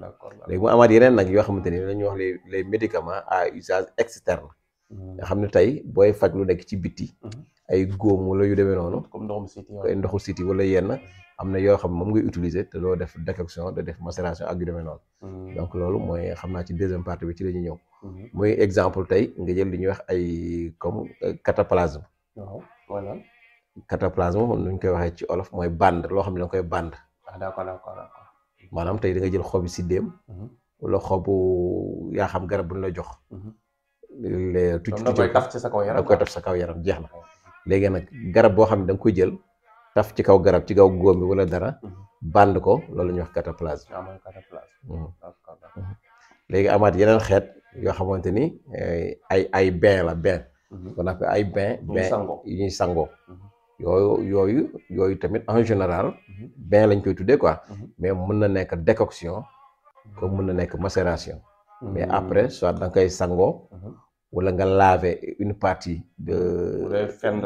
d'accord léegi mu amaat yeneen nag yoo xamante ni la ñuy wax les les médicaments à usage externe. Hmm. nga xam ne tey booy faj lu nekk ci bitti. Hmm. ay góom wala yu demee noonu. comme ndoxum siti wala ndoxu siti wala yenn. am na yoo xam moom ngay utiliser te loo def décoction da def macération ak yu demee noonu. Hmm. donc loolu mooy xam naa ci deuxième partie bi ci la ñuy ñëw. muy exemple tey nga jël li ñuy wax ay comme euh, cataplasme. waaw voilà. cataplasme moom nu koy waxee ci olof mooy bande loo xam ne da nga koy bande. Ah, d'accord d'accord d'accord. maanaam tey da nga jël xobi siddéem mhm. wala xobu yaa xam garab bu ñu la jox mhm. les tuuti tuuti da taf sa kaw yaram jeex na léegi nag garab boo xam ne danga nga koy jël taf ci kaw garab ci kaw góom bi wala dara mhm. bànd ko loolu ñuy wax cataplasme ah, léegi amaat yeneen xeet yoo xamante ni eh, ay ay bain la bain kon nag ay bain bain yu ñuy sangoo yooyu yooyu yooyu tamit en général bin lañ koy tuddee quoi mhm. mais mën na nekk décoction comme mën na nekk macération mhm. mais après soit da nga koy sangoo mhm. wala nga laver une partie de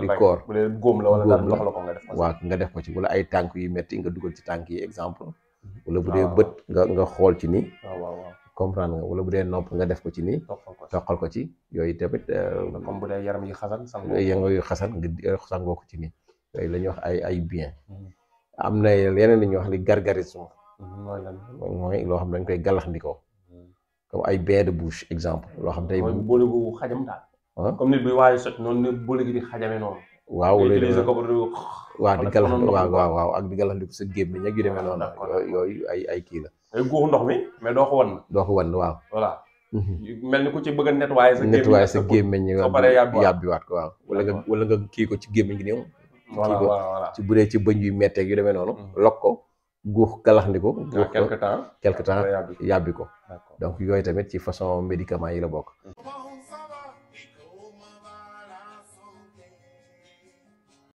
du corps góom la wala ndox la ko nga def waaw nga def ko ci wala ay tànk yu metti nga dugal ci tànk yi exemple wala bu dee bët nga nga xool ci nii comprendre nga wala bu dee nopp nga def ko ci nii toqal ko ci yooyu tamit euh, comme bu dee yaram yi xasan sangoo yu xasan nga euh, sangoo ko ci nii yooyu la ñuy wax ay ay bien am na yeneen li ñuy wax li gargarisme mooy loo xam ne dañ koy gàllaxndikoo comme ay bain de exemple loo xam tey boole bu xajam daal comme nit bi waaye sot ne boole gi di xajame noonu waaw utiliser waaw di galax waaw waaw ak di galax sa gémmiñ ak yu demee noonu yooyu ay ay kii la ay guux ndox mi mais doo ko wan doo ko wan waaw voilà mhm. mel ni ku ci bëgg a nettoyer sa nettoyer sa gémmiñ yàbbiwaat ko waaw wala nga wala kii ko ci gémmiñ gi néew voilà ci bu dee ci bëñ yu metteeg yu demee noonu. Mm. log ko guux kalaxndi ko. guux ko quelque temps quelque ko. donc yooyu tamit ci façon médicament yi la bokk. Mm.